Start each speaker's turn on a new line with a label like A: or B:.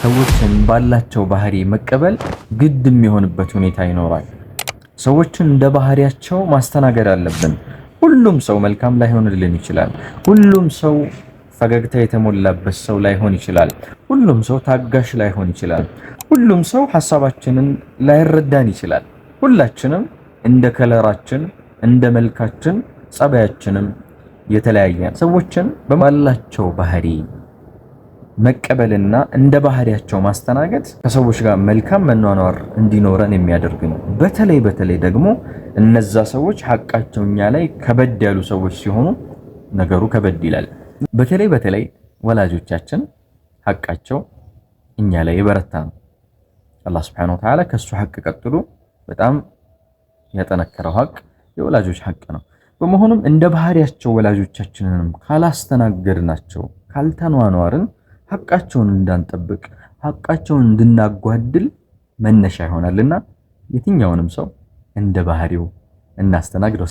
A: ሰዎችን ባላቸው ባህሪ መቀበል ግድ የሚሆንበት ሁኔታ ይኖራል። ሰዎችን እንደ ባህሪያቸው ማስተናገድ አለብን። ሁሉም ሰው መልካም ላይሆንልን ይችላል። ሁሉም ሰው ፈገግታ የተሞላበት ሰው ላይሆን ይችላል። ሁሉም ሰው ታጋሽ ላይሆን ይችላል። ሁሉም ሰው ሀሳባችንን ላይረዳን ይችላል። ሁላችንም እንደ ከለራችን፣ እንደ መልካችን፣ ጸባያችንም የተለያየ ሰዎችን በማላቸው ባህሪ መቀበልና እንደ ባህሪያቸው ማስተናገድ ከሰዎች ጋር መልካም መኗኗር እንዲኖረን የሚያደርግ ነው። በተለይ በተለይ ደግሞ እነዛ ሰዎች ሀቃቸው እኛ ላይ ከበድ ያሉ ሰዎች ሲሆኑ ነገሩ ከበድ ይላል። በተለይ በተለይ ወላጆቻችን ሀቃቸው እኛ ላይ የበረታ ነው። አላህ ስብሐነሁ ወተዓላ ከሱ ሀቅ ቀጥሎ በጣም ያጠነከረው ሀቅ የወላጆች ሀቅ ነው። በመሆኑም እንደ ባህሪያቸው ወላጆቻችንንም ካላስተናገድናቸው ካልተኗኗርን ሀቃቸውን እንዳንጠብቅ ሀቃቸውን እንድናጓድል መነሻ ይሆናልና የትኛውንም ሰው እንደ ባህሪው እናስተናግደው።